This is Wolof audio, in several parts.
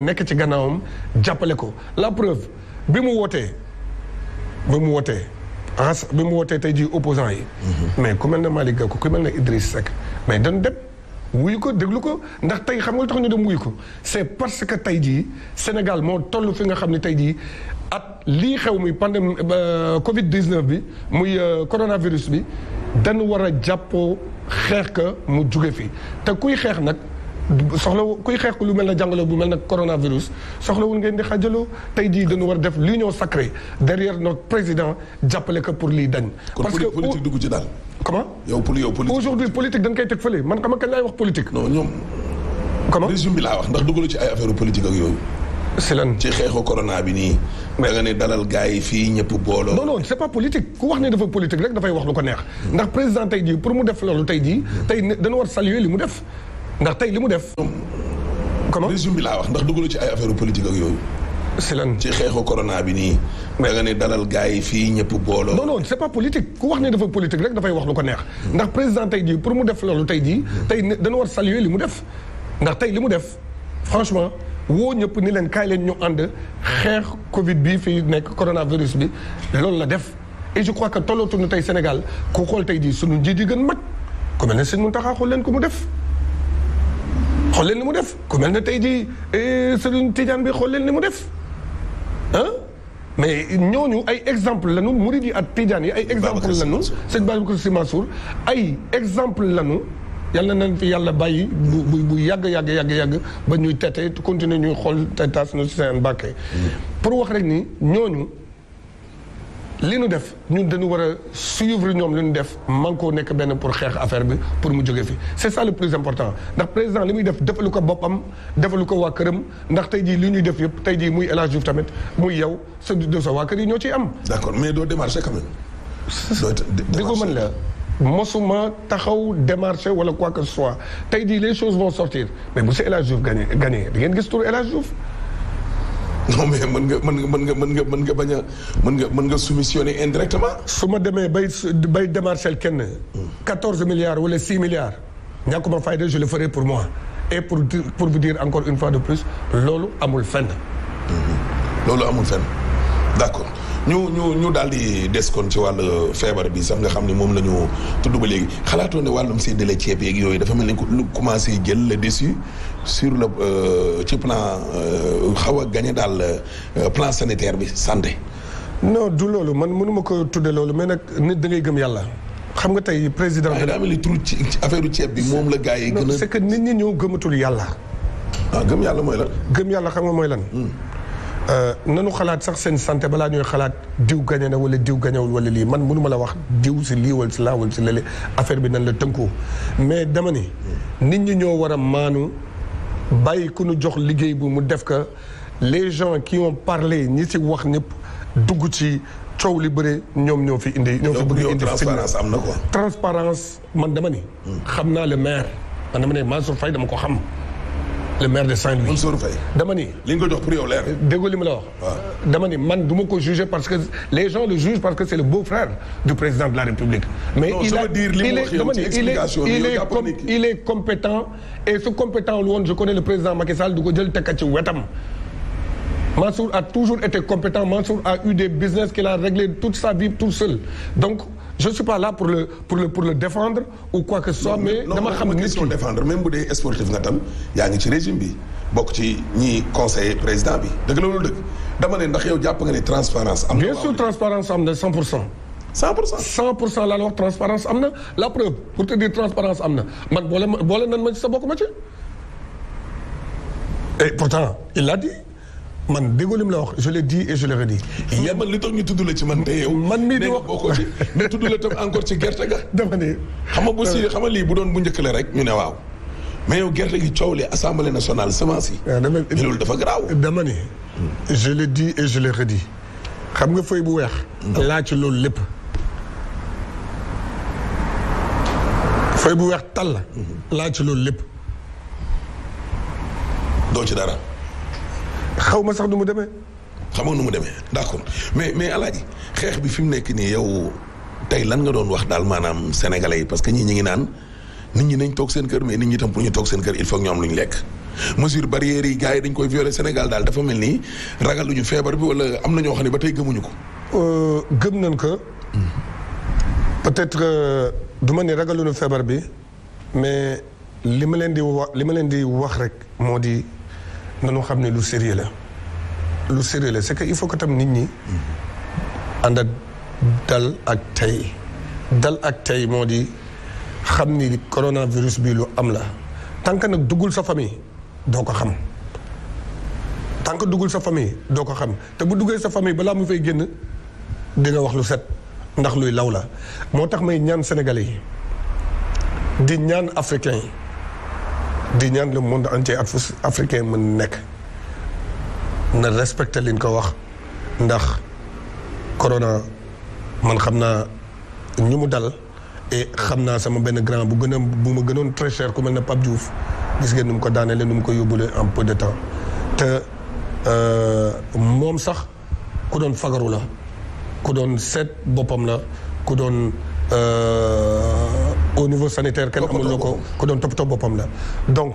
nekk ci gannaawam jàppale ko la preuve bi mu wootee bi mu wootee ans bi mu wootee tey jii opposant yi mhm. mais ku mel ne Malick ku mel ne Idriss Seck mais dan dem wuyu ko déglu ko ndax tey xam nga tax ñu dem wuyu ko c'est parce que tey jii Sénégal moo toll fi nga xam ni tey jii at lii xew muy pandémie euh, Covid 19 bi muy euh, coronavirus bi dañ war a jàppoo xeex ka mu jóge fi te kuy xeex nag soxlawu kuy xeex lu mel na jàngalo bu mel na coronavirus soxlawul ngeen di xajaloo tey jii dañu war def l'union sacrée derrière notre président jàppale ko pour lii dañ. parce que kon politique dugg ci daal. comment yow pour yow politique. aujourd'hui politique dañ koy teg fële man xam nga kañ laay wax politique. non ñoom. comment résumé bi laa wax ndax duggalu ci ay affaire politique ak yooyu. si lan ci xeexu corona bi nii. da nga ne dalal gars yi fii ñëpp booloo. non non c' est pas politique ku wax ne dafa politique rek dafay wax lu ko neex. ndax président tey jii pour mu def loolu tey jii. tey dañu war saluer li mu def. ndax tey li mu def. comment résumé bi laa wax ndax dugalu ci ay affaire politique ak yooyu. si lan ci xeexu corona bi nii. mais da nga ne dalal gars yi fii ñëpp booloo. non non c' est pas politique ku wax ne dafa politique rek dafay wax lu ko neex. ndax président tey jii pour mu def loolu tey jii. tey dana war saluer li mu def. ndax tey li mu def franchement woo ñëpp ni leen kaay leen ñu ànd xeex Covid bi fii nekk coronavirus bi loolu la def. et je crois que tollootuñu tey Sénégal ku xool tey jii sunu njiit yi gën mag ku mel ne Sëñ Mountakha xool leen ko mu def. xool leen li mu def ku mel ne tey jii eh, Serigne Tidiane bi xool leen li mu def ah mais ñooñu ay exemple lanu murid yi ak Tidiane yi ay exemple lanu sëñ Babacar Sy Mansour ay exemple lanu yàlla nañ fi yàlla bàyyi bu bu bu yàgg yàgg yàgg yàgg ba ñuy tete continuer ñuy xool te taas nu seen bàkkee mm. pour wax rek ni ñooñu li nu def ñun dañu war a ñoom li ñu def man koo nekk benn pour xeex affaire bi pour mu jóge fi c'est ça le plus important ndax président li muy def defalu ko boppam defalu ko waa këram ndax tey jii li ñuy def yëpp tey jii muy El Hadj Diouf tamit muy yow sa de sa waa kër yi ñoo ciy am. d'accord mais doo démarché quand même. di ko mën la mosuma taxaw démarché wala quoi que ce soit tey jii les choses vont sortir mais bu si El Hadj Diouf gagné gagné da ngeen gis tur El Hadj Diouf non mais mën nga mën nga mën nga mën nga mën nga bañ a mën nga mën nga soumissionner indirectement. su ma demee bay bay démarcher kenn. 14 hmm. milliards wala 6 milliards. ñàkkuma fayda je le ferai pour moi et pour pour vous dire encore une fois de plus loolu amul fenn. Hmm. loolu amul fenn d'accord. ñu ñu ñu daal di des kon ci wàllu feebar bi sax nga xam ne moom la ñu tudd ba léegi xalaatoo ne wàllum séddale ceeb yeeg yooyu dafa mel ni lu commencé jël le dessus sur le euh, ci plan euh, xaw a gagné daal euh, plan sanitaire bi santé. non du loolu man mënu ma ko tudde loolu mais nag nit da ngay gëm yàlla. xam nga tey président bi daa mel ni turu ci affaire ceeb bi moom la gars yi. gën a c'est que nit ñi ñoo gëmatul yàlla. Ah, gëm yàlla mooy la gëm yàlla xam nga mooy lan. Hmm. Euh, nanu xalaat sax seen santé balaa ñooy xalaat diw gañe na wala diw gañewul wala lii man mënuma la wax diw si lii wala si laa wala si lële affaire bi nan la tënkoo mais dama ni nit ñi ñoo war a maanu bàyyi ku nu jox liggéey bu mu def ka les gens qui ont parlé ñi si wax ñëpp dugg ci coow li bëre ñoom ñoo fi indi ñoo fi bëgg indi transparence am na ko transparence man dama ni hmm. xam naa le maire man dama ne Mansour Faye dama ko xam le maire de Saint-Louis. Mansour Faye dama ni. li nga ko jox pour yow leer. déggoo li ma la wax. dama ni man du ma ko juger parce que les gens le jugent parce que c'est le beau-frère du président de la République. mais non, il a dire il est dama ni il est il est com il est compétent et su compétent lu woon je connais le président Macky Sall du ko jël tekkat ci wetam. Mansour a toujours été compétent Mansour a eu des business qu'il a réglé toute sa vie tout seul donc. je suis pas là pour le pour le pour le défendre ou quoi que ce soit. mais dama xam nit ki défendre même bu dee sportif nga tam yaa ngi ci régime bi bokk ci ñi conseiller président bi dëgg la loolu dëgg dama ne ndax yow jàpp nga ne transparence am na bien sûr transparence am na 100 pour cent. 100 pour cent 100 pour cent laa la wax transparence am na la preuve pour te dire transparence am na man boole ma boole nan ma ci sa bokk ma ci et pourtant il l'a dit. man déggoo lim la wax je l'ai dit et je le redis. yéen li tax ñu tudd la ci man te yow. man mii di wax bokkoo ci ñu tudd la tam encore ci gerte ga. dama ne xam nga bu xam nga lii bu doon bu njëkk rek ñu waaw. mais yow gerte gi coow li assemblée nationale semence yi. waaw ah, dama ne loolu dafa garaaw. dama ne je l'ai dit xam nga feuille bu weex. laa ci loolu lépp. feuille bu weex tal la. Mhm. laa ci loolu lépp. doo ci dara. xaw ma sax nu mu demee. xamoo nu mu demee d'accord mais mais alaaji xeex bi fi mu nekk nii yow tey lan nga doon wax daal maanaam sénégalais yi parce que ñii ñi ngi naan nit ñi nañ toog seen kër mais nit ñi tam pour ñu toog seen kër il faut ñu lu ñu lekk. mesure barrières yi gars yi dañ koy violer Sénégal daal dafa mel ni ragal ñu feebar bi wala am na ñoo xam ne ba tey gëmuñu ko. Euh, gëm nañ ko. peut-être euh, du ma ne ragal lu ñu feebar bi mais li ma leen di wax li ma leen di wax rek moo di. nañu xam ne lu sérieux la lu sérieux la c'est que il faut que tam nit ñi ànd ak dal ak tey dal ak tey moo di xam ni coronavirus bi lu am la tant nag duggul sa famille doo ko xam tant duggul sa famille doo ko xam te bu duggee sa famille balaa mu fay génn dinga wax lu set ndax luy law la moo tax may ñaan sénégalais yi di ñaan africain di ñaan le monde entier ak africain mën nekk na respecté liñ ko wax ndax corona man xam naa ñu mu dal et xam naa sama benn grand bu gën a bu ma gënoon très ku mel ne Pape Diouf gis ngeen nu mu ko daaneele nu mu ko yóbbulee en peu de temps te euh, moom sax ku doon fagaru la ku doon seet boppam la ku doon. Euh, au niveau sanitaire kenn amul loo ko ko doon toppatoo boppam la donc.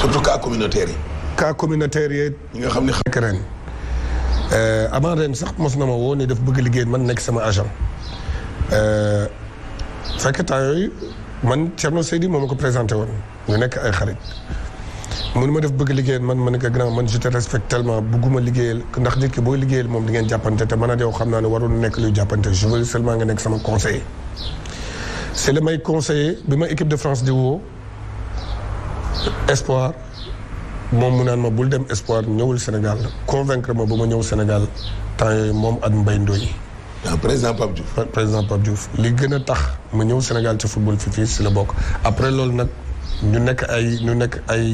surtout cas communautaire yi. cas communautaire yi. ñi nga xam ne xam ren. Euh, avant ren sax mos na ma woo ne daf bëgg liggéey man nekk sama agent. Euh, fekk temps yooyu man Thierno Seydi moom ma ko présenté woon ñu nekk ay xarit. mun ma def bëgg liggéeyal man ma ne ko grand man je te respecte tellement bëgguma liggéeyal ndax nit ki booy liggéeyal moom di ngeen jàppante te man ak yow xam naa ne warul nekk luy jàppante je veux bi ma équipe de France di espoir moom mu naan ma bul dem espoir ñëwul Sénégal convaincre ma ba ma ñëw Sénégal temps yooyu moom ak Mbaye Ndoye ah, président Pape Diouf président Pape li gën a tax ma ñëw Sénégal ci football fi fii si la bokk après loolu nag ñu nekk ay ñu nekk ay